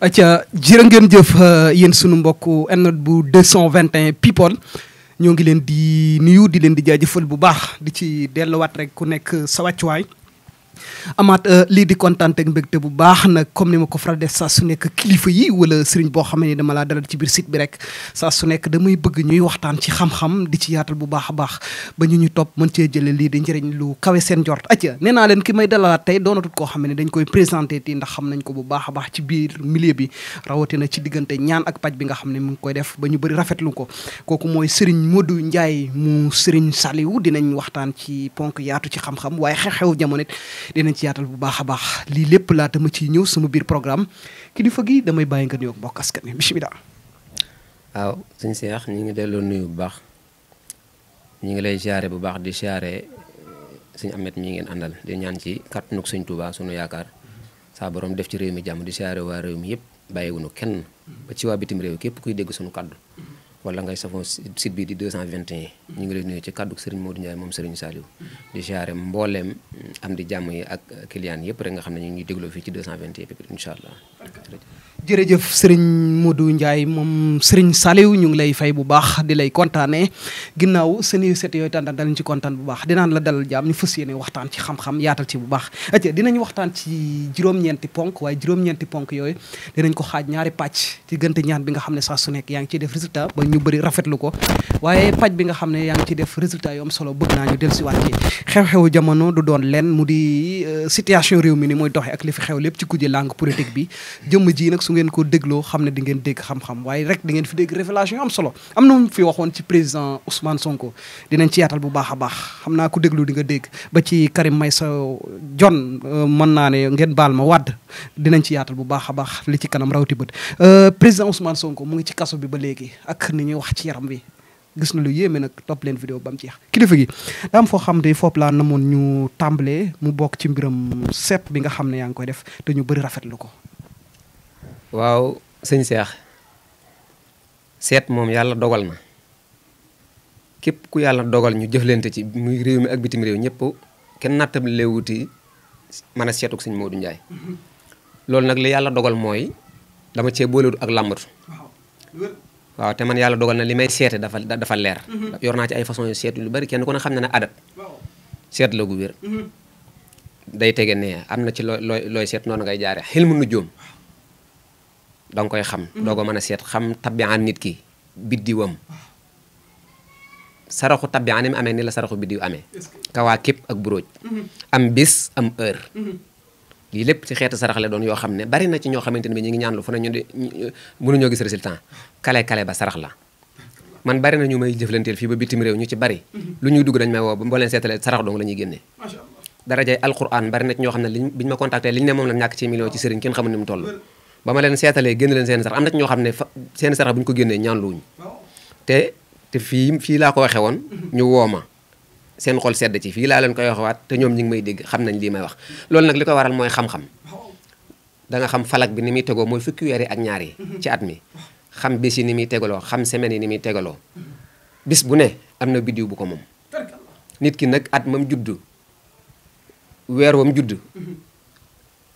atia jërë ngeen jëf euh, yéen sunu mbokku enn bu 221 people ñoo ngi leen di nuyu di leen di jaajëfal bu baax di ci delluwaat rek ku nekk sa wàccuwaay amaat euh, lii di kontaan ak mbégte bu baax na comme ni ma ko faral def saa su nekk kilifa yi wala sëriñ boo xam ne dama laa dalal ci biir site bi rek saa su nekk damay bëgg ñuy waxtaan ci xam-xam di ci yaatal bu baax a baax ba ñu ñu topp mën cee jëlee lii di njëriñ lu kawe seen jort aja nee naa leen ki may dalalaat tey doonatul koo xam ne dañ koy présenté ti ndax xam nañ ko bu baax baax ci biir milieu bi rawatina ci diggante ñaan ak paj bi nga xam ne mu ngi koy def ba ñu bëri rafetlu ko kooku mooy sëriñ moo du Ndiaye mu sëriñ saliw dinañ waxtaan ci ponk yaatu ci xam-xam waaye xew-xew jamono dinañ ci yaatal bu baax a baax lii lépp laata ma ciy ñëw sama biir programme kilifa gi damay bàyyi nga nuyoog mbokk askan wi bisimilah. waaw suñu seex ñu ngi delloo nuyu bu baax ñu ngi lay siyaare bu baax di siyaare eh, suñu amet mi ngeen àndal di ñaan ci kàttanug suñ Tuubaa suñu yaakaar saa borom def ci réew mi jàmm di siyaare waa réew mi yëpp bàyyiwunu kenn ba ci waa bitim réew képp kuy dégg suñu kàddu. wala ngay safoo site bi di 221. ñu ngi lay nuyu ci kàddu Serigne Modou Ndiaye moom Serigne Saliou. di jàmm yi ak client yëpp rek nga xam ne ñu ngi dégloo fii ci 221 bi incha allah. jërëjëf Serigne Modou Ndiaye moom Serigne Saliou ñu ngi lay fay bu baax di lay kontaanee ginnaaw seen set yooyu tàntaan danañ ci kontaan bu baax dinaan la dalal jàmm ñu fas yéene waxtaan ci xam-xam yaatal ci bu baax. atia dinañ waxtaan ci juróom-ñeenti ponk waaye juróom-ñeenti ponk yooyu dinañ ko xaaj ñaari pàcc ci gënte ñaan bi nga xam ne saa su nekk yaa ngi ciy def résultat ñu bëri lu ko waaye paj bi nga xam ne yaa ngi ci def résultat yu am solo bëgg naa ñu del siwaat ci xew-xewu jamono du doon leen mu di euh, situation réew mi ni mooy doxee ak li fi xew lépp ci ku kuje langue politique bi jëmm ji nag su ngeen ko dégloo xam ne di ngeen dégg xam-xam waaye rek di ngeen fi dégg révélation yu solo am na mu waxoon ci président Ousmane Sonko dinañ ci yaatal bu baax a baax xam naa ko déglu di nga dégg ba ci Karim Meïssa John euh, mën naa ne ngeen baal ma wàdd dinañ ci yaatal bu baax a baax li ci kanam rawti bët euh, président Ousmane Sonko mu ngi ci kaso bi ba léegi ni ñuy wax ci yaram bi gis na lu yéeme nag topp leen vidéo ba mu jeex kilifa gi daa foo xam te foofu laa namoon ñu tàmbalee mu bokk ci mbiram seet bi nga xam ne yaa ngi koy def ñu bëri rafetlu ko. waaw sëñ Cheikh seet moom yàlla dogal na képp ku yàlla dogal ñu jëflante ci muy réew mi ak bitim réew ñëpp kenn nattab léewuti mën a seetuk sëñ Modou njaay mhm. loolu nag li yàlla dogal mooy dama cee boolewut ak làmbatu. waaw te man yàlla dogal na li may seete dafa dafa leer mhm. yor naa ci ay façon yu seet lu bari kenn ku ne xam ne ne adat seet la gu wér mhm. day tege ne am na ci looy looy seet noonu ngay jaare xel mu nujjoom da nga koy xam mhm. doo ko mën a seet xam tabian nit ki biddiwam saraxu tabian ni mu amee ni la saraxu biddiw amee kawaakib ak buróoj am bis am heure lii lépp ci xeetu sarax la doon yoo xam ne bari na ci ñoo xamante ne bi ñu ngi ñaan fu ne ñu di mënuñoo gis résultat kale kale ba sarax la man bari na ñu may jëflanteel fii ba bitim réew ñu ci bari mhm. lu ñuy dugg dañ may woo ba leen seetalee sarax dong la ñuy génne darajay alquran bari na ci ñoo xam ne liñ biñu ma contacté liñ ne moom la ñàkk ci million ci sëriñ kenn xamul ni mu toll ba ma leen seetalee génn leen seen sarax am na ci ñoo xam ne ko génnee fii laa ko waxee woon mhm. ñu wooma seen xol sedd ci fii laa leen koy waxawaat te ñoom ñu ngi may dégg xam nañ lii may wax loolu nag li ko waral mooy xam-xam da nga xam falak bi ni muy tegoo mooy fukki weer yi ak ñaar ci at mi xam bis yi ni muy tegaloo xam semaine yi ni muy tegaloo bis bu ne am na biddiw bu ko moom nit ki nag at mam judd weer wam judd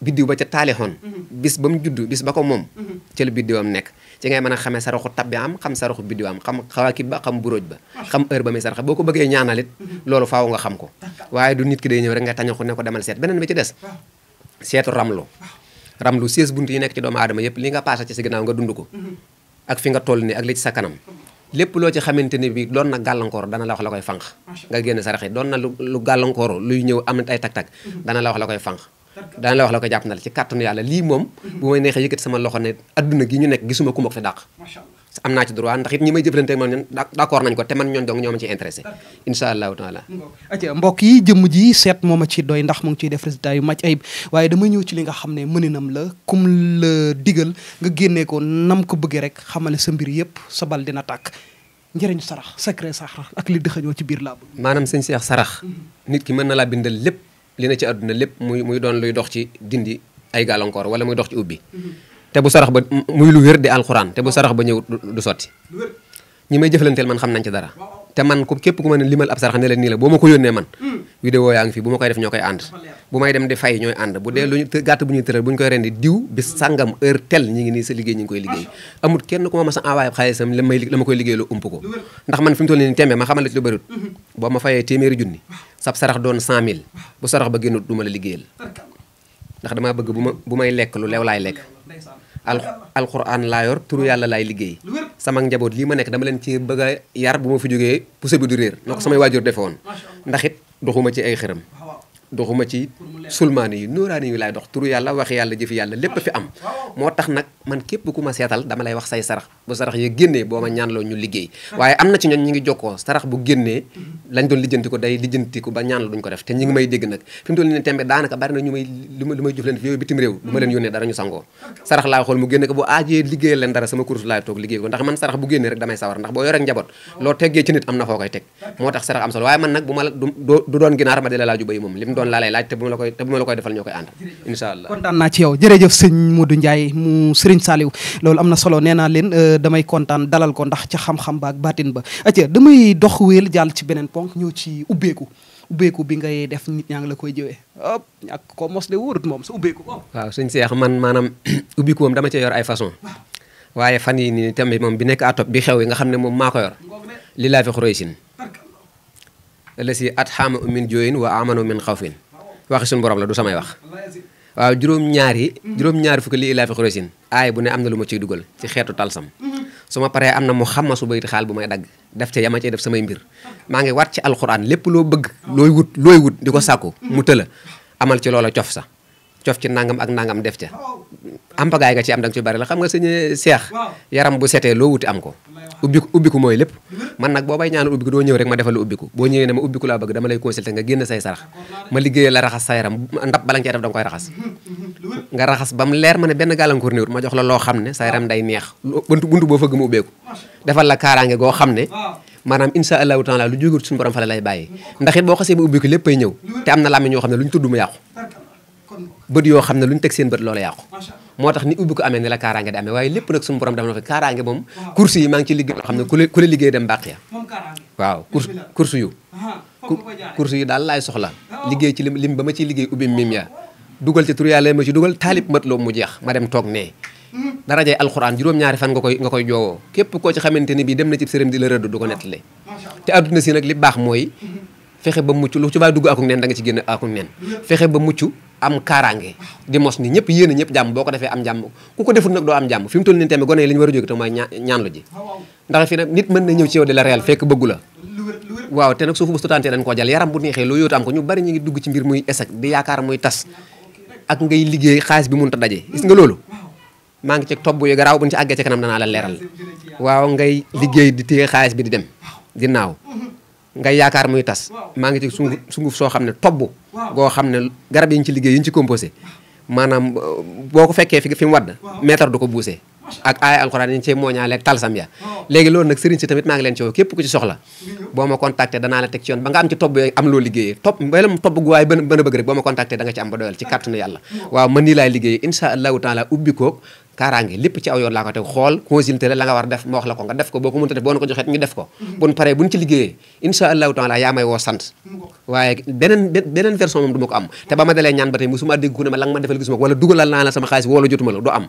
biddiw ba ca taalixoon mhm. bis ba mu judd bis ba ko moom mhm. ca la biddiwam nekk ci ngay mën a xamee saraxu tab bi am xam saraxu biddiw am xam xawaakib ba xam buróoj ba ah. xam heure ba muy saraxa boo ko bëggee ñaanalit mhm. loolu faaw nga xam ko waaye du nit ki day ñëw rek nga tañaxu ne ko demal seet beneen bi ci des seetu ramlu ramlu sées bunt yi nekk ci doomu aadama yëpp li nga passé ci si ginnaaw nga dund ko ak fi nga toll nii ak li ci sa kanam lépp loo ci xamante la wax la koy fànq nga génn sarax yi doon na lu gàllankoor luy ñëw am ay tak-tak dana la wax la koy fànq daan la wax la ko jàpp na ci kàttanu yàlla lii moom bu may neexee yëkkati sama loxo ne adduna gi ñu nekk gisuma ku ma ko fi dàq am naa ci droit ndax it ñi may jëflante ak man ñun d'accord nañ ko te man ñoon dong ñoo ma ci intéressé insha allahu mbokk yi jëmm ji seet moo ma ci doy ndax mu ngi ciy def résultat yu màcc ayib waaye dama ñëw ci li nga xam ne mëninam la kum la digal nga génnee ko nam ko bëggee rek xamale sa mbir yëpp sa bal dina tàkk njëriñu sarax secret sarax ak li dëxañoo ci biir laa bëgg maanaam sëñ Cheikh sarax mhm. nit ki mën na laa bindal lépp li ne ci àdduna lépp muy muy doon luy dox ci dindi ay gàllankoor wala muy dox ci ubbi mhm. te bu sarax ba muy lu wér di alxuraan te bu sarax ba ñëw du sotti ñi may jëflanteel man xam nañ ci dara te man ku képp ku ma ne limal ab sarax ne nii la boo ma ko yónnee man mm. vidéo yaa ngi fi bu ma koy def ñoo koy ànd bu may dem di fay ñooy ànd bu dee luñu gàtt bu ñuy tëral bu ñu koy rendi diw bi mm. sàngam heure tel ñi ngi nii sa liggéey ñi ngi koy liggéey amul kenn a envoyé xaalisam la may man fi mu toll nii tembe ma xamal mm-hmm. boo ma fayee téeméeri sab sarax doon cent mille bu sarax ba génnut du ma la liggéeyal ndax damaa bëgg bu ma bu may lekk lu leew laay lekk al alquran laa yor turu yàlla laay liggéey sama njaboot lii ma nekk dama leen ci bëgg a yar bu ma fi jógee pousse bi du réer na ko samay waajur defe woon ndax it doxuma ci ay xëram doxuma ci sulmaani yi nóoraani yu laay dox turu yàlla waxi yàlla jëfi yàlla lépp fi am moo tax nag man képp ku seetal dama wax sarax bu sarax yi génnee boo ma ñaanloo ñu liggéey waaye am na ci ñoon ñi ngi jokkoo sarax bu génnee lañ doon lijjanti ko day lijjanti ko ba ñaanlu duñ ko def te ñi may dégg nag fi mu toll damay sawar ndax boo yoree njaboot loo teggee ci nit am na foo koy teg moo tax sarax am solo waaye man nag bu ma du doon ginaar doon laa lay laaj te bu ma la koy te bu ma la koy defal ñoo koy ànd incha allah kontaan naa ci yow jërëjëf sëñ Modou Ndiaye mu Serigne Saliou loolu am na solo nee naa leen euh, damay kontaan dalal ko ndax ca xam-xam ba ak baatin ba aca damay dox wéel jàll ci beneen ponk ñëw ci ubbeeku ubbeeku bi ngay def nit ñaa ngi la koy jëwee hop ak ko mos de wóorut moom sa ubbeeku ko sëñ Seex man maanaam ubbiku dama cee yor ay façon waaye fan yi nii tamit moom bi nekk atop bi xew yi nga xam ne moom maa ko yor li laa fi la si at xaama min jooyin wa amano min xawfin waxi suñu borom la du samay wax juróom-ñaar juróom-ñaar fukki li ilaa aay bu ne am na lu ma dugal ci xeetu talsam su ma paree am na mu xammasu bayit xaal bu may dagg def ca yama cee def samay mbir maa ngi wat ci alxuraan lépp loo bëgg looy wut looy wut di ko sàkku mu tëla amal ci loola cof sax cof ci nangam ak nangam def ca am nga ci am danga ci bari la xam nga sëñ seex yaram bu setee loo wuti am ko ubbiku ubbiku mooy lépp man nag boo bay ubbiku doo ñëw rek ma defal la ubbiku boo ñëwee ne ma ubbiku laa bëgg dama lay consulter nga génn say sarax ma liggéeyee la raxas sa yaram ndab ba mu leer ma ne benn gàllankoor néewut ma jox la loo xam ne sa yaram day neex buntu buntu boo fëgg mu ubbeeku defal la kaaraange goo xam ne maanaam insha allahu taala lu jógut suñu borom fa la lay bàyyi ndax boo xasee ba ubbiku léppay ñëw te am na làmmiñ ñoo xam ne lu ñu tudd mu yàqu bët yoo xam ne lu ñu teg seen bët loola yàqu moo tax ni ubbi ko amee ne la kaaraange di amee waaye lépp nag suñu borom def na kaaraange moom course yi maa la ku la liggéey dem bàq ya waaw course course yu course yu daal laay soxla oh. liggéey ci lim lim ba ma ciy liggéey ubbi mim ya dugal ci tur ma ci dugal taalib mat loo mu jeex ma dem toog nee hmm. darajay alxuraan juróom-ñaari fan nga koy nga koy joowoo képp koo ci xamante ni bii dem na ci sërëm di la rëdd du ko ah, nettali te adduna si nag fexe ba mucc lu ci waay dugg akuk nga ci génn akuk neen ñëpp yéen ñëpp jàmm boo ko defee am jàmm ko deful nag doo am jàmm fi mu toll nii tamit gone yi li ñu na ñëw ci yow fekk bëggu la waaw te nag suufu bu sutantee dañ koo jal yaram bu neexee loo yóotu am ko ñu bari ñu ngi dugg ci mbir muy échec di yaakaar muy tas ak ngay liggéey xaalis bi mun ta daje gis nga loolu maa ngi ci tobb yu garaaw buñ ci àggee ci danaa la leeral waaw ngay liggéey di téye xaalis bi di dem ginnaaw nga yaakaar muy tas maa ngi ci sunguf soo xam ne tobb goo xam ne garab yi ñu ci liggéey yi ñu ci composé maanaam euh, boo ko fekkee fi fi mu wadd mètre ak aaya alxuraan yi ñu cee mooñaale ak talsam ya léegi loolu nag sëriñ si tamit maa ngi leen ci woo képp ku ci soxla boo ma contacté danaa la teg ci yoon ba nga am ci tobb yooyu am loo liggéeyee tobb gu waay bën a bëgg rek boo ma contacté da nga ci am ba ah. waaw man nii laay liggéeyee incha allahu kaaraange lépp ci aw yoon laa ko teg xool consulté la nga war def ma wax la ko nga def ko boo ko mënta def boo na ko joxee ñu def ko mhm. bon pare buñ ci liggéeyee insha allahu taala yaa may woo sant waaye beneen beneen version ma ko am te ba ma dalee ñaan ba tey musuma dégg ku ne ma la nga ma defal gisuma ko wala dugalal naa la sama xaalis woo la jotuma la du am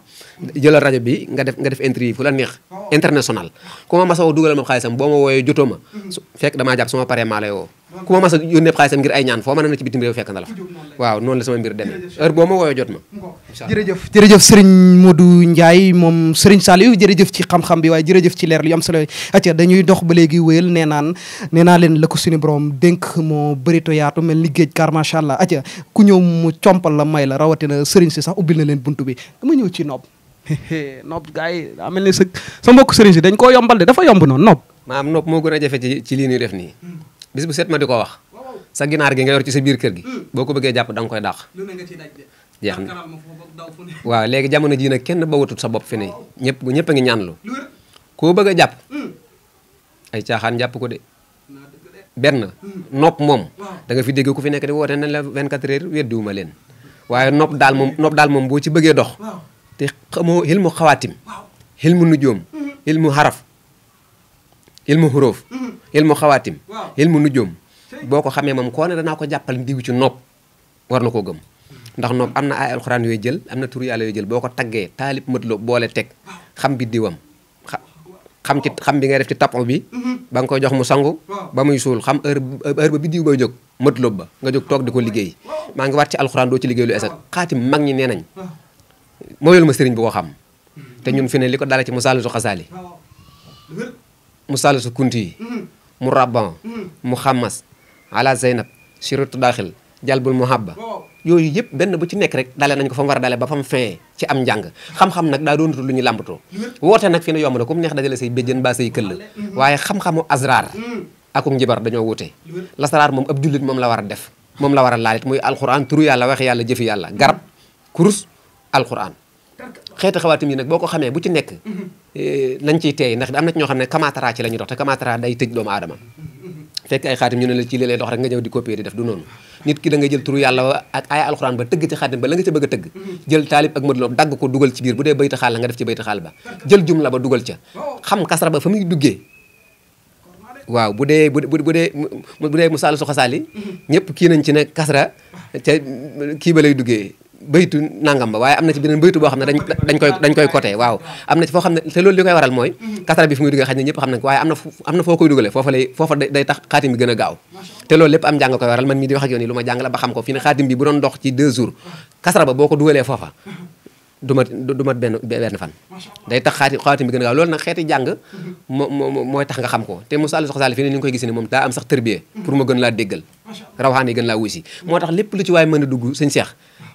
jëlal rajo bi nga def nga def interview fu la neex oh. international ku ma masa woo dugalal ma xaalisam boo ma wooyee jotoo ma mhm. fekk damaa jàpp suma paree maa lay woo ku ma mas a yónnee xaalisam ngir ay ñaan foo mën a na ci bitim réew fekk na la fa waaw noonu la sama mbir demee heure boo ma woowee jot ma jërëjëf jërëjëf sëriñ ci xam-xam bi waaye jërëjëf ci leer lu am solo acca dañuy dox ba léegi wéyal nee naan nee naa leen la ko suñu borom dénk moo bërito yaatu mel ni géej car macha allah acca ku ñëw mu compal la may la rawatina sëriñ si sax ubbil na leen buntu bi dama ñëw ci noob yi daa mel ni sa sa mbokk sëriñ si dañ koo yombal de dafa yomb noonu noob maam noob moo gën a jafe ci lii ñuy def nii hmm. bis bu set ma di ko wax sa ginaar gi nga yor ci sa biir kër gi hmm. boo ko bëggee jàpp da nga koy dàq jeex na waaw léegi jamono jii nag kenn ba wutut sa bopp fi ne ñëpp ñëpp a ngi ñaanlu koo bëgg a jàpp hmm. ay caaxaan jàpp ko de benn hmm. nopp moom da fi dégg ku fi nekk di woote na la 24 heures weddiwuma leen waaye nopp daal moom nopp daal moom boo ci bëggee dox te xamoo xilmu xawaatim xilmu nujoom xilmu xaraf ilmu xuróof mhm. ilmu xawaatim ilmu nujum boo ko xamee moom koo ne danaa ko jàppal diw ci nopp war na koo gëm mhm. ndax nopp am na ay alxuraan yooyu jël am na tur yàlla yooyu jël boo ko taggee taalib mëtloo boole teg xam bi diwam xam xam bi ngay def ci tapo bi mhm. ba nga koy jox mu sangu ba muy suul xam heure heure bi diw bay jóg mëtloo ba nga jóg toog di ko liggéey maa ngi waat ci alxuraan doo ci liggéey lu esat xaati mag ñi nee nañ mooyul ma sëriñ bu ko xam te ñun fi ne li ko dala ci mu salisu xasaali mu salisu kunti yi mm-hmm. mu rabban mm-hmm. mu xammas ala zeynab suratu daaxil jalbul muhabba yooyu yëpp benn bu ci nekk rek dalee nañ ko fa mu war a dalee ba fa mu fee ci am njàng xam-xam nag daa doonatul lu ñu làmbatoo woote nag fi ne yomb na ku mu neex dajale say béjjën baa say këll mm-hmm. waaye xam-xamu azrar akum njibar dañoo wute lasaraar moom ab jullit moom la war a def moom la war a laalit muy alquran turu yàlla wax yàlla jëfi yàlla garab kurus alquran xeeti xawaatim yi nag boo ko xamee bu ci nekk mhm. eh, nañ ciy teey ndax am na ci ñoo xam ne kamaatara ci la ñuy dox te kamaatara day tëj doomu aadama mhm. fekk ay xaatim ñu ne la ci li lay dox rek nga ñëw di copier di def du noonu nit ki dangay nga jël turu yàlla ak ay alxuraan ba tëgg ci xaatim ba la nga bëgg a tëgg mhm. jël taalib ak madlo dagg ko dugal ci biir bu dee bayta xaal la nga def ci bayta xaal ba jël jumla ba dugal ca oh. xam kasra ba fa muy duggee waaw bu dee bu bu dee bu dee musaalu su xasaali ñëpp kii nañ ci ne kasra ca kii ba lay duggee baytu nangam ba waaye am na ci beneen baytu boo xam ne dañ dañ koy dañ waaw am na ci foo xam ne te loolu li koy waral mooy mhm. kasara bi fi muy duggee xaj na ñëpp xam na foo koy dugalee foofa lay foofa day tax xaatim gën a gaaw te loolu lépp am jàng koy waral man mii di wax yoon yi lu ma jàng ba xam ko fi ne bu doon dox ci deux jours kasara ba boo ko dugalee foofa mhm. du mat du mat benn benn fan day tax xaati xaatim bi gën a gaaw loolu nag xeeti jàng moo moo tax nga xam ko te Moussa Aliou Soxna Sall ne ni nga koy gis moom daa am sax tërbiye pour ma gën laa déggal rawaxaan yi moo tax lépp lu ci waaye mën a dugg sëñ Cheikh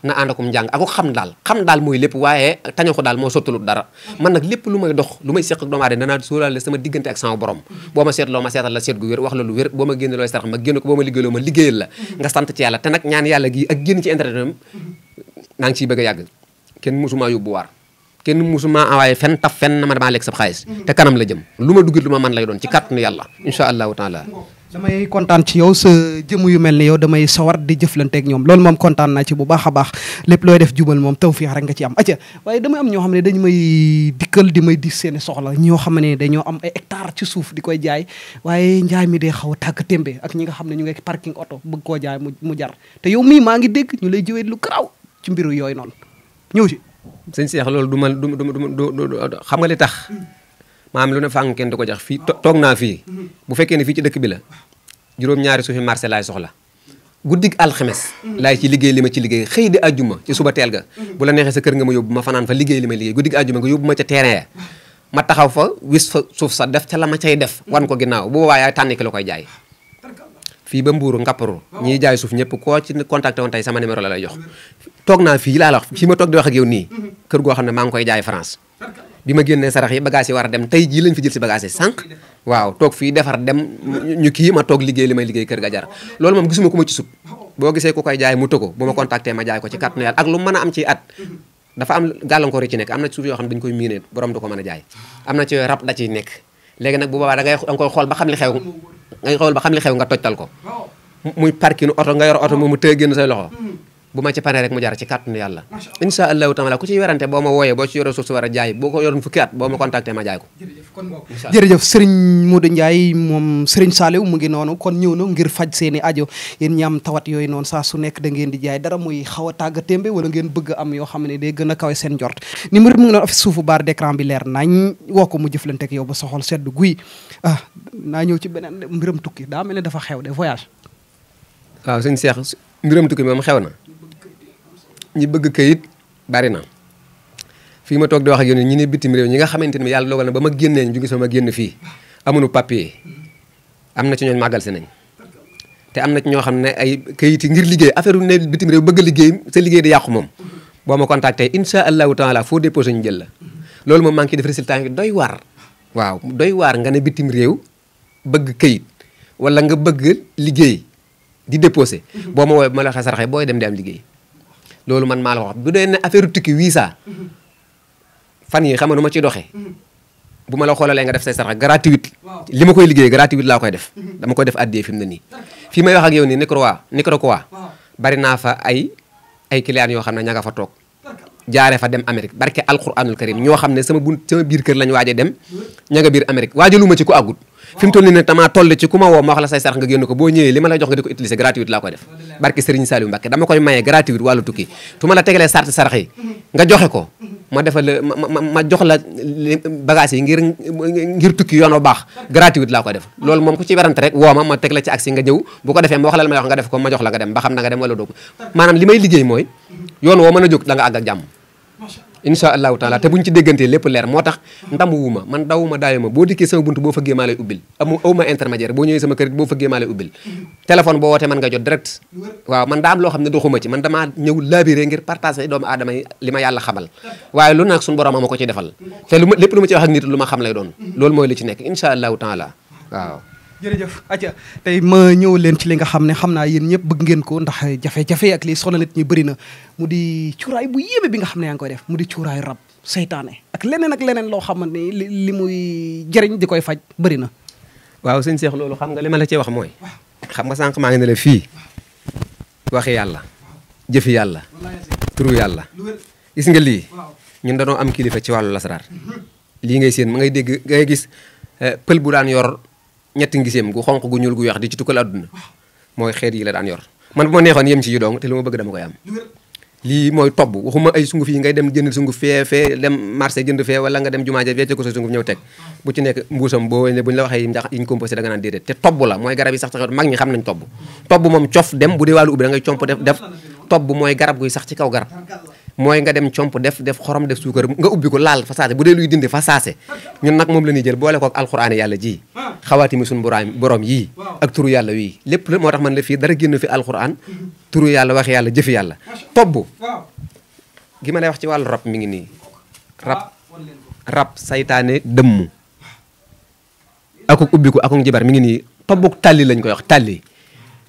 na ànd akum njàng xam daal xam daal mooy lépp waaye taño ko daal moo sottalut dara man nag lépp lu may dox lu may seq ak doomu aadama sama diggante ak sama borom boo ma seetloo ma seetal la seet gu wér wax la lu wér boo ma génn looy sarax ma génn ko boo ma liggéeyloo ma liggéeyal la nga sant ci yàlla te nag ñaan yàlla gi ak génn ci internet naa ngi ciy bëgg a yàgg kenn mosumaa yóbbu waar kenn mosumaa awaaye fen taf fen na ma damaa lekk sab xaalis te kanam la jëm lu ma duggit lu ma man lay doon ci kàttanu yàlla insha allahu taala damay kontaan ci yow sa jëmm yu mel ni yow damay sawar di jëflanteeg ñoom loolu moom kontaan naa ci bu baax a baax lépp looy def jubal moom tawfiix rek nga ci am aca waaye damay am ñoo xam ne dañ may dikkal di may di seen soxla ñoo xam ne dañoo am ay hectare ci suuf di koy jaay waaye njaay mi day xaw a tembe ak ñi nga xam ne ñu ngi parking oto bëgg koo jaay mu mu jar te yow mii maa ngi dégg ñu lay jëwee lu garaaw ci mbiru yooyu noonu ñëw si sëñ Seex loolu du man du du xam nga li tax maam lu ne fàng kenn du ko jax fii toog naa fii bu fekkee ne fii ci dëkk bi la juróom-ñaari suufi marché laay soxla guddig alxemes laay ci liggéey li ma ci liggéey xëy di àjjuma ci suba teel ga bu la neexee sa kër nga ma yóbbu ma fanaan fa liggéey li ma liggéey guddig àjjuma nga yóbbu ma ca terrain ya ma taxaw fa wis fa suuf sa def ca la ma cay def wan ko ginnaaw bu boobaa yaay tànn ki la koy jaay fii ba mbuuru ngapparu ñiy jaay suuf ñëpp koo ci contacté woon tey sama numéro la lay jox toog naa fii laa la wax fii ma toog di wax ak yow nii mhm. kër goo xam ne maa ngi koy jaay France bi ma génnee sarax yi bagage yi war a dem tey jii lañ fi jël si bagage yi sànq waaw toog fii defar dem ñu kii ma toog liggéey li may liggéey kër ga jar loolu moom ma ci sut boo gisee koy jaay mu tëko bu ma contacté ma jaay ko ci kàttanu mhm. yàlla ak lu mën a am ci at mhm. dafa am gàllankoor yi ci nekk am na suuf yoo xam ne dañu koy miinee borom du ko mën a jaay am na ci yooyu rab da ciy nekk léegi nag bu boobaa da ngay da nga koy xool ba xam li xew nga xool ba xam li xew nga ko oh. muy parking oto nga yor oto moomu tëye génn say loxo bu ma ci paree rek mu jar ci kàttanu yàlla insha allahu taala ku ciy werante boo ma wooyee boo ci yore suuf si war a jaay boo ko yoroon fukki at boo ma contacté ma jaay ko jërëjëf sëriñ Modou moom sëriñ Saliou mu ngi noonu kon ñëw na ngir faj seen i ajo yéen ñi am tawat yooyu noonu saa su nekk da ngeen di jaay dara muy xaw a tàgga témbe wala ngeen bëgg am yoo xam ne day gën a kawe seen jort numéro bi mu ngi noonu office suufu baar leer nañ woo ko mu jëflante ak yow ba soxol sedd guy ah naa ñëw ci beneen mbiram tukki daa mel ne dafa xew de voyage waaw sëñ Cheikh mbiram tukki moom xew na ñi bëgg kayit bari na fii ma toog di wax ak yéen ñi ne bitim réew ñi nga xamante ni yàlla dogal na ba ma génnee ñu sama génn fii amuñu papier am na ci ñooñ màggal si nañ te am na ci ñoo xam ne ay kayit yi ngir liggéey affaire ne bitim réew bëgg a liggéey sa liggéey di yàqu moom boo ma contacté insha allahu taala foo déposé ñu jël la loolu moom maa ngi ciy def résultat yi doy waar waaw doy waar nga ne bitim réew bëgg kayit wala nga bëgg liggéey di déposé mm-hmm. boo ma woowee bu ma la waxee saraxee booy dem di am liggéey loolu man maa la ko bu dee ne affaire tukki visa fan yi xam nga nu ma ciy doxee bu ma la xoolalee ga def say sarax gratuite li ma koy liggéey gratuite laa koy def dama koy def addee fi ne nii fii may wax ak yow nii Nicaragua Nicaragua bari naa fa ay ay clients yoo xam ne ña nga fa toog jaaree fa dem Amérique barke alquranul karim ñoo xam ne sama bun sama biir kër lañ waaje dem ña nga biir Amérique ma ci ku àggut fi mu toll nii nag tamaa toll ci ku ma woo ma wax la say sarax nga génn ko boo ñëwee li ma lay jox nga di ko utiliser gratuite laa koy def barke Serigne Saliou Mbacke dama koy maye gratuite ma la ko jox la bagage yi ngir ngir tukki yoon bu baax gratuite laa koy def loolu moom ku ci werante rek woo ma ma teg la ci nga ñëw bu ko defee ma wax la ma nga def ko ma jox la nga dem ba xam na nga dem wala li may liggéey mooy yoon woo mën a jóg da nga àgg ak jàmm incha allahu taala te buñ ci déggantee lépp leer moo tax ndam wuma man dawuma daayuma boo dikkee sama bunt boo fëggee maa lay ubbil amu awuma intermédiaire boo ñëwee sama kër boo fëggee maa lay ubbil téléphone boo wootee mën nga jot direct waaw man am loo xam ne doxuma ci man damaa ñëw laabiré ngir partager doomu aadama yi li ma yàlla xamal waaye lu nag suñu borom ma ko ci defal te lu ma lépp ma ci wax ak doon loolu mooy li ci nekk incha allahu taala waaw jërëjëf aja tey ma ñëw leen ci li nga xam ne xam naa yéen ñëpp bëgg ngeen ko ndax jafe-jafe ak li sonal nit ñi bëri na mu di cuuraay bu yéeme bi nga xam ne yaa ngi koy def mu di cuuraay rab seytaane ak leneen ak leneen loo xam ne li li muy jëriñ di koy faj bëri na waaw sëñ Cheikh xam nga li la ci wax mooy xam nga sànq maa ngi ne la fii waxi yàlla jëfi yàlla turu yàlla gis nga lii ñun dañoo am kilifa ci wàllu lasaraar lii ngay seen ma ngay dégg ngay gis eh, pël bu daan yor ñetti ngiseem gu xonq gu ñuul gu weex di ci tukkal àdduna la daan yor man bu ma neexoon yem ci yu dong te lu ma bëgg dama koy am lii mooy tobb waxuma ay sunguf yi ngay dem jënd sunguf fee fee dem marché jënd fee wala nga dem jumaa ja wecce ko sa sunguf ñëw teg bu ci nekk mbuusam boo ne bu ñu waxee ndax yiñ composé da nga naan déedéet te tobb la mooy garab yi sax ci mag ñi bu dee wàllu ubbi da ngay comp def def tobb mooy ci kaw garab mooy nga dem comp def def xorom def suukar nga ubbi ko laal fa saase bu dee luy dindi fa saase ñun nag moom la ñuy jël boole ko ak alxuraane yàlla ji xawaati mi suñu borom borom yii ak turu yàlla wii lépp la moo tax man la fii dara génn fi alxuraan turu yàlla wax yàlla jëfi yàlla tobb gi ma lay wax ci wàll rob mi ngi nii ah, rab rab saytaane dëmm akuk ubbiku akuk jibar mi ngi nii tobbuk tàlli lañ koy wax tàlli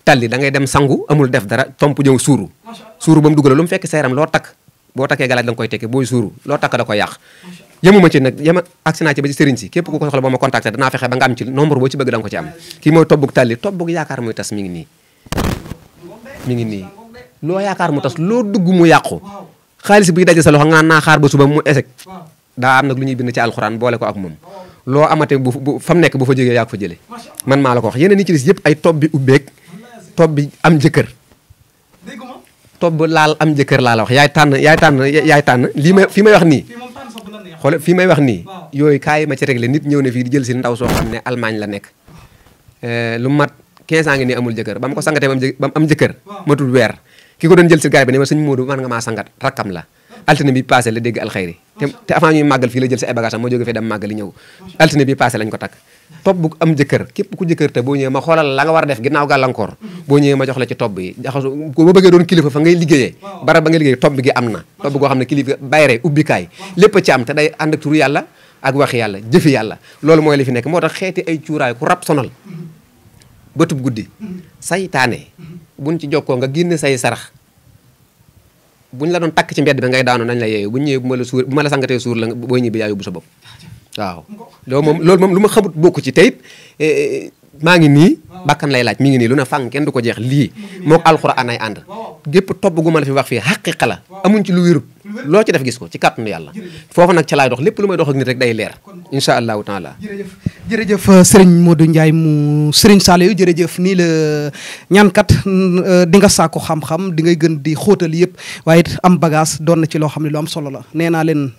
tàlli dangay dem sangu amul def dara tomp ñëw suuru suuru ba mu dugal lu mu fekk sa loo takk boo takkee galaaj la koy tekki booy suuru loo takk da koy yàq yemuma ci nag yema agsi naa ci ba ci sëriñ si képp ku ko soxla boo ma contacté danaa fexe ba nga am ci nombre boo ci bëgg da ko ci am kii mooy tobbug tàlli tobbug yaakaar muy tas mi ngi nii loo yaakaar mu tas loo dugg mu yàqu xaalis buy daje sa loxo nga naa xaar ba suba mu échec daa am nag lu ñuy bind ci alxuraan boole ko ak moom loo amate bu bu fa mu nekk bu fa jege yaa fa jëlee man maa la ko wax yeneen ni ci des yëpp ay tob bi ubbeeg tob bi am jëkkër tobb laal am jëkkër laa la wax yaay tànn yaay tànn yaay tànn lii may fi may wax nii xool fi may wax nii yooyu kaay ma ci réglé nit ñëw ne fii di jël si ndaw soo xam ne Allemagne la nekk eh, lu mat 15 ans ngi nii amul jëkkër ba ma ko sangatee ba mu am jëkkër matul weer ki ko doon jël si gaay bi ne ma sëñ Modou man nga maa sangat rakkam la altine bi passé la dégg alxayri te a ñuy màggal fii la jël si ay bagage moo jóge fee dem màggali ñëw altine bi passé lañ ko takk topp bu am jëkkër képp ku jëkkër te boo ñëwee ma xoolal la nga war a def ginnaaw gàllankoor boo ñëwee ma jox la ci topp gi am na topp goo xam ne kilifa bayre ubbikaay lépp ci am te day ànd turu yàlla ak wax yàlla jëfi yàlla loolu mooy li fi nekk moo tax xeeti ay cuuraay ku rab sonal mm-hmm. bëtub guddi mm-hmm. saytaane mm-hmm. buñ ci jokkoo nga génne say sarax bu ñu la doon takk ci mbedd bi ngay daanu nañ la yeeyu bu ñëwee bu ma la suur bu ma la sangatee suur la boo ñibbi yaa yóbbu sa bopp waaw loolu moom loolu moom lu ma xamut bokku ci teyit eh, eh, maa ngi nii bakkan lay laaj mi ngi nii lu ne fàng kenn du ko jeex lii moo ko alxuraan ay ànd gépp topp gu ma la fi wax fii xaqiqa la amuñ ci lu wérut loo ci def gis ko ci kàttanu yàlla foofu nag ca laay dox lépp lu may dox ak nit rek day leer incha allahu taala jërëjëf jërëjëf euh, sëriñ Modou Ndiaye mu sëriñ Saliou jërëjëf nii la euh, ñaankat euh, di nga saako xam-xam di ngay gën di xóotal yëpp waaye am bagage doon na ci loo xam ne lu am solo la nee naa leen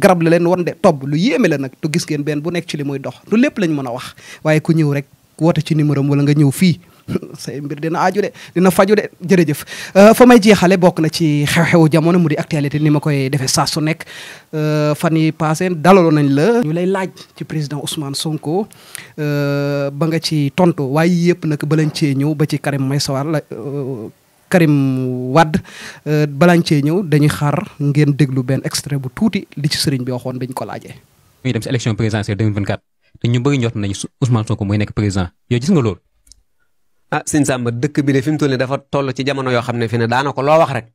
garab la leen wan de tobb lu yéeme la nag du gis ngeen benn bu nekk ci li muy dox du lépp lañ mën a wax waaye ku ñëw rek woote ci numéro am wala nga ñëw fii say mbir dina aju de dina faju de jërëjëf euh, fa may jeexale bokk na ci xew-xewu jamono mu di actualité ni ma koy defee saa su nekk euh, fan yi passé dalaloon nañ la ñu lay laaj ci président Ousmane Sonko euh, ba nga ci tontu waaye yëpp nag balañ cee ñëw ba ci Karim Meïssa Wade Karim Wade balaañ cee ñëw dañuy xaar ngeen déglu benn extrait bu tuuti li ci sëriñ bi waxoon bi ñu ko laajee. muy dem si élection présidentielle 2024 te ñu bëri njort nañu Ousmane Sonko mooy nekk président yow gis nga loolu. ah sëñ dëkk bi de fi mu toll nii dafa toll ci jamono yoo xam ne fi ne daana ko loo wax rek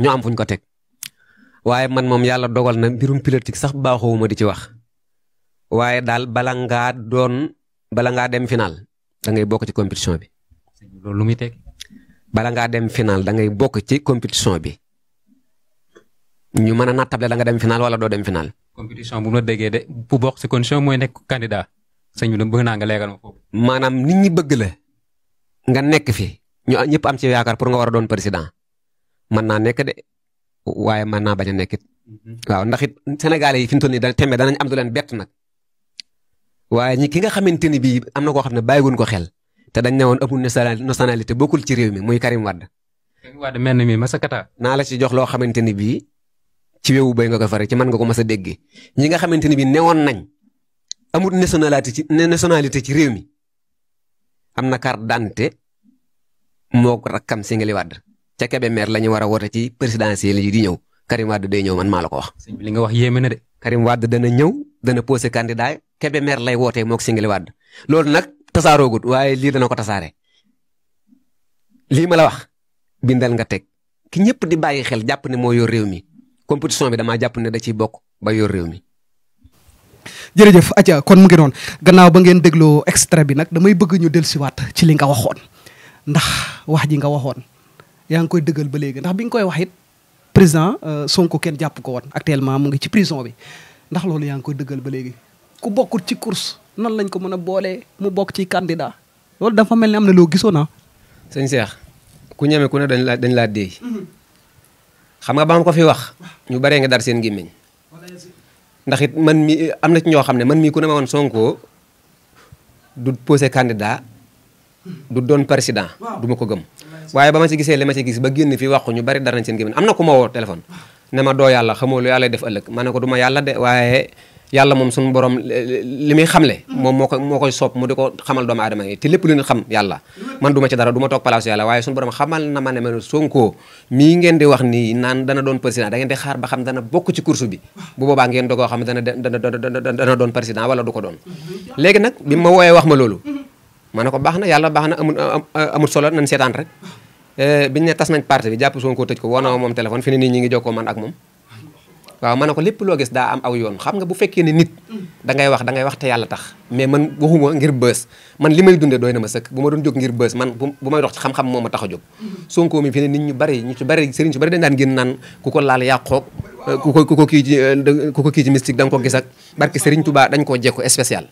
ñu am fuñ ko teg waaye man moom yàlla dogal na mbirum politique sax baaxoowuma di ci wax waaye daal bala ngaa doon bala ngaa dem final dangay bokk ci compétition bi. loolu lu muy teg bala ngaa dem final da ngay bokk ci compétition bi ñu mën a nattable da nga dem final wala doo dem final. compétition bu ma déggee de bu bokk ci condition mooy nekk candidat sëñ bi bëgg naa nga leeral maanaam nit ñi bëgg la. nga nekk fi ñu ñëpp am ci yaakaar pour nga war a doon président mën naa nekk de waaye mën naa bañ a nekk mhm. waaw ndax it Sénégalais yi fi mu toll nii da tembe danañ am du leen bett nag waaye ñi ki nga xamante ni bii am na koo xam ne bàyyiwuñ ko xel te dañ ne woon amul nationalité bokkul ci réew mi muy Karim Wade. Karim Wade mel ni mi masakata. naa la ci jox loo xamante ni bii ci wewu nga ko fare ci mën nga ko mas a déggee ñi nga xamante ni bii newoon nañ amul nationalité ci nationalité ci réew mi am na carte d'identité moo ko rakkam Singali Wade ca Kébémer la ñu war a woote ci présidentielle yi di ñëw Karim Wade day ñëw man maa la ko wax. sëñ li nga wax yéeme na de. Karim Wade dana ñëw dana posé candidat Kébémer lay wootee moog Singali Wade loolu nag tasaaroogut waaye lii dana ko tasaare lii ma la wax bindal nga teg ki ñëpp di bàyyi xel jàpp ne moo yor réew mi compétition bi damaa jàpp ne da ciy bokk ba yor réew mi. jërëjëf aja kon mu ngi noonu gannaaw ba ngeen dégloo extrait bi nag damay bëgg ñu siwaat ci li nga waxoon ndax wax ji nga waxoon yaa ngi koy dëggal ba léegi ndax bi nga koy wax it président euh, Sonko kenn jàpp ko woon actuellement mu ngi ci prison bi ndax loolu yaa ngi koy dëggal ba léegi ku bokkul ci course nan lañ ko mën a boolee mu bokk ci candidat loolu dafa mel ni am na loo gisoo naa ah. sëñ Cheikh ku ñeme ku ne dañ laa dañ laa déey mhm. xam nga ba ma ko fi wax ñu baree nga dar seen gémmiñ ndax it man mi am na ci ñoo xam ne man mii ku ne ma woon Sonko du posé candidat du doon président du ma ko gëm waaye ba ma ci gisee li ma ci gis ba génn fi waxu ñu bari dara nañ seen gémmiñ am na ku ma woo téléphone ne ma doo yàlla xamoo lu yàlla def ëllëg ma ne ko du ma yàlla de waaye yàlla moom suñu borom li xam xamle moom moo ko moo koy soob mu di ko xamal doomu adama yi te lépp lu ñu xam yàlla man du ma ci dara du ma toog place yàlla waaye suñu na ma ne ma Sonko ngeen di wax nii naan dana doon président ba xam dana bokk ci course bi bu boobaa ngeen dogoo xam dana dana dana doon président wala du ko doon léegi nag bi ma wooyee wax ma loolu ma ne ko baax na yàlla baax na amul solo nañ seetaan rek eh, biñu ne tas nañ parti bi jàpp Sonko tëj ko woo na moom fi ne nii ñi ngi jokkoo man ak moom waaw ma ne ko lépp loo gis daa am aw yoon xam nga bu fekkee ne nit mm. da wax da ngay wax te yàlla tax mais man waxuma ngir bës man li may dunde doy na ma sëkk bu ma doon jóg ngir bës man bu may dox ci xam-xam moo ma tax a jóg mm-hmm. Sonko mi fi ne nit ñu bari ñu ci bari sëriñ ci bari dañ daan génn naan ku ko laal yàqoog euh, ku ko ku ko kii ci euh, ku ko kii ci mystique da nga ko gis ak barke sëriñ Touba dañ koo jekku spécial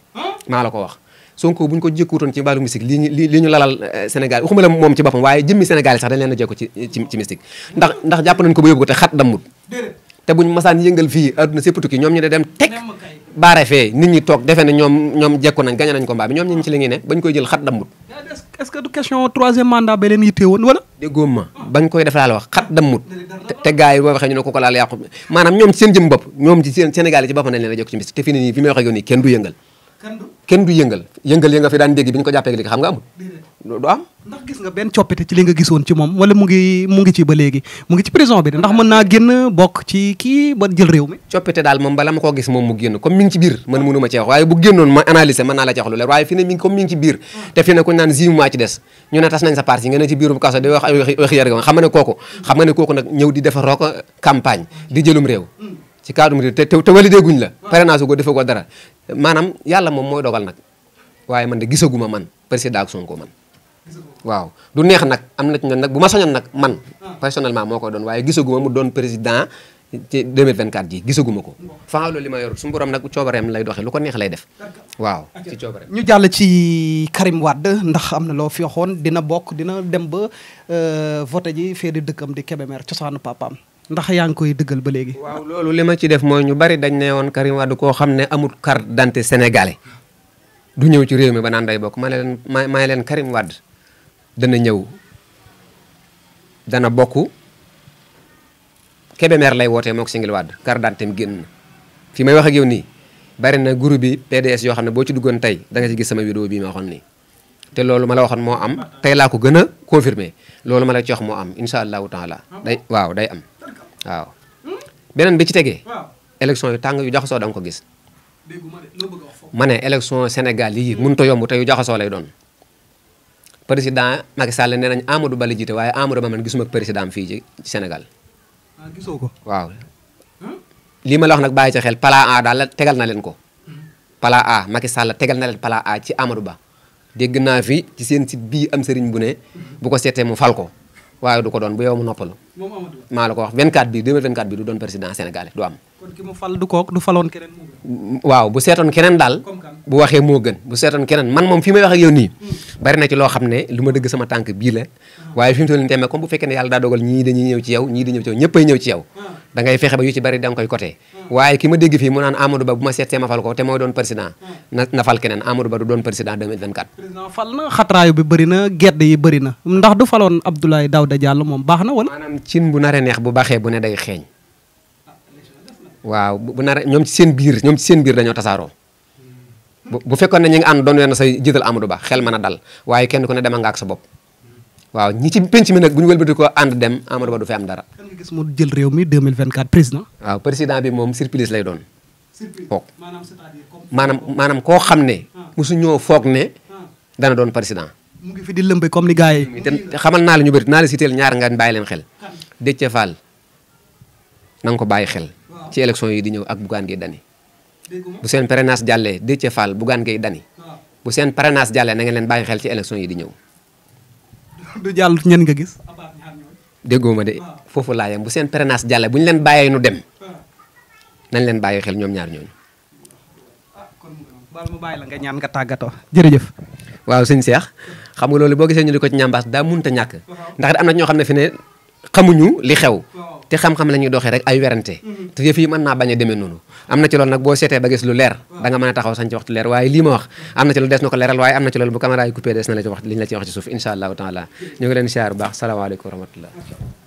maa la ko wax Sonko bu ñu ko jékkuutoon ci wàllu mystique li li ñu lalal euh, Sénégal waxuma la moom ci boppam waaye jëmmi Sénégal sax dañ leen a jekku ci ci mystique ndax ndax jàpp nañ ko ba yóbbu ko te buñ masaan yëngal fii adduna sépp tukki ñoom ñu de dem teg baare fee nit ñi toog defe ne ñoom ñoom jekku nañ gañe nañ ko mbaa bi ñoom ñu ngi ci ne bañ koy jël xat dammut est-ce que du question wala déggoo ma bañ koy def laal wax dammut te gars yi boo waxee ñu ne ko ko ñoom ci seen jëm ñoom ci seen Sénégal leen a jekku ci mbis te fii ne nii fi may waxee yow nii kenn du yëngal kenn du yëngal yëngal ya nga fi daan dégg bi ñu ko jàppee léegi xam nga amul du ndax gis nga benn coppite ci li nga gisoon ci moom wala mu ngi mu ngi ci ba léegi mu ngi ci prison bi ndax mën naa génn bokk kii ba jël réew mi coppite daal moom bala ma gis moom mu génn comme mi ngi ci biir man mënu ma ci wax waaye bu génnoon ma analyser mën naa la ci wax lu leer waaye fi ne mi ngi comme mi ngi ci biir ah. te fi ne ku naan zim ci des ñu ne tas nañ sa parti nga ne ci biirum kaso di wax yar xam nga ne kooku nag ñëw di ci cadre mu te te validé guñ la parrainage ko defee ko dara maanaam yàlla moom mooy dogal nag waaye man de gisaguma man président ak Sonko man waaw du neex nag am na ci nag bu ma soñoon nag man ah. personnellement moo koy doon waaye gisaguma mu doon président ci 2024 ji gisaguma ko a loolu li ma yor suñu borom nag coobareem lay doxee lu ko neex lay def waaw ci coobareem ñu jàll ci Karim Wade ndax am na loo fi waxoon dina bokk dina dem ba euh, vote ji fee di dëkkam di Kébémer cosaanu papaam ndax yaa ngi koy dëggal ba léegi. waaw loolu li ma ci def mooy ñu bari dañ ne woon Karim Wade koo xam ne amut carte dante sénégalais du ñëw ci réew mi ba naan day bokk ma ne leen ma ma leen Karim Wade dana ñëw dana bokk Kébémer lay wootee moog Singil Wade carte d'identité am génn fi may wax ak yow nii bari na groupe bi PDS yoo xam ne boo ci duggoon tey da nga ci gis sama vidéo bii ma waxoon nii. te loolu ma la waxoon moo am tey laa ko gën a confirmé loolu ma la ci wax moo am incha allahu taala day waaw day am. waaw beneen bi ci tegee élection yu tàng yu jaxasoo da ko gis ma ne élection Sénégal yi mun a yomb te yu jaxasoo lay doon président Macky Sall nee nañ Amadou Ba la jiite waaye Amadou Ba man gisuma ak président fii ci Sénégal ah, gisoo ko waaw lii ma la wax nag bàyyi ci xel plan A daal tegal na leen ko hmm. plan A Macky Sall tegal na leen plan A ci Amadou Ba dégg naa fi ci seen site bii am sëriñ bu ne bu ko seetee mu fal ko waaye du ko doon bu yow mu noppalu. moom Amadou Ba maa la ko wax 24 bi 2024 bi du doon président sénégalais du am. kon ki mu du kook du faloon keneen waaw bu seetoon keneen daal. bu waxee moo gën bu seetoon keneen man moom fi may wax ak yow nii mm. bari na ci loo xam ne lu ma dëgg sama tànk bii la ah. waaye fi mu toll nii tamit comme bu fekkee ne yàlla daa dogal ñii dañuy ñëw ci yow ñii di ñëw ci yow ñëppay ñëw ci yow ah. da ngay fexe ba yu ci bari da nga ah. waaye ki ma dégg fii mu naan Amadou Ba bu ma seetee ma fal ko te mooy doon président na na fal keneen Amadou Ba du doon président 2024 président fal na xatraayu bi bëri na gedd yi bëri na ndax du faloon Abdoulaye Daouda Diallo moom baax na wala maanaam cin bu nare neex bu baxee bu ne day xeeñ waaw bu nare ñoom ci seen biir ñoom ci seen biir dañoo tasaaroo bu fekkoon na ñi nga ànd doon na say jiital Amadou Ba xel mën a dal waaye kenn ku ne demal nga ak sa bopp waaw ñi ci penc mi nag bu ñu di ko ànd dem Amadou Ba du fi am dara. kan mu jël réew mi 2024 président. waaw président bi moom surprise lay doon. surprise oh. maanaam c'est-à-dire maanaam maanaam koo xam ne. Ah. mosu ñoo foog ne. Ah. dana doon président. mu di lëmbe comme ni gars yi. te xamal naa la ñu bëri naa la si ñaar nga bàyyi leen xel. Déthié Fall na ko bàyyi xel. ci élection yi di ñëw ak Bougane Gueye Dany bu seen parrainage jàllee Déthié Fall Bougane Gueye Dany ah. bu seen parrainage jàllee na ngeen leen bàyyi xel ci élection yi di ñëw. du jàll ñen nga gis. déggoo ma de ah. foofu laa bu seen parrainage jàllee bu ñu leen bàyyee nu dem ah. nañ leen bàyyi xel ñoom ñaar ñooñu. bal mu bàyyi nga ñaan nga tàggatoo jërëjëf. waaw sëñ Cheikh xam nga loolu boo gisee ñu di ko ci ñambaas daa munta ñàkk ndax am na ñoo xam ne fi ne xamuñu li xew. te xam-xam la ñuy doxee rek ay werante mhm. te yëf yi mën naa bañ a deme noonu am na ci loolu nag boo seetee ba gis lu leer da nga mën a taxaw sañ ci waxtu leer waaye lii ma wax am na ci loolu des na ko leeral waaye am na ci bu caméra yi des na la ci wax suuf incha allahu taala ñu ngi leen siyaar bu baax salaamaaleykum wa rahmatullah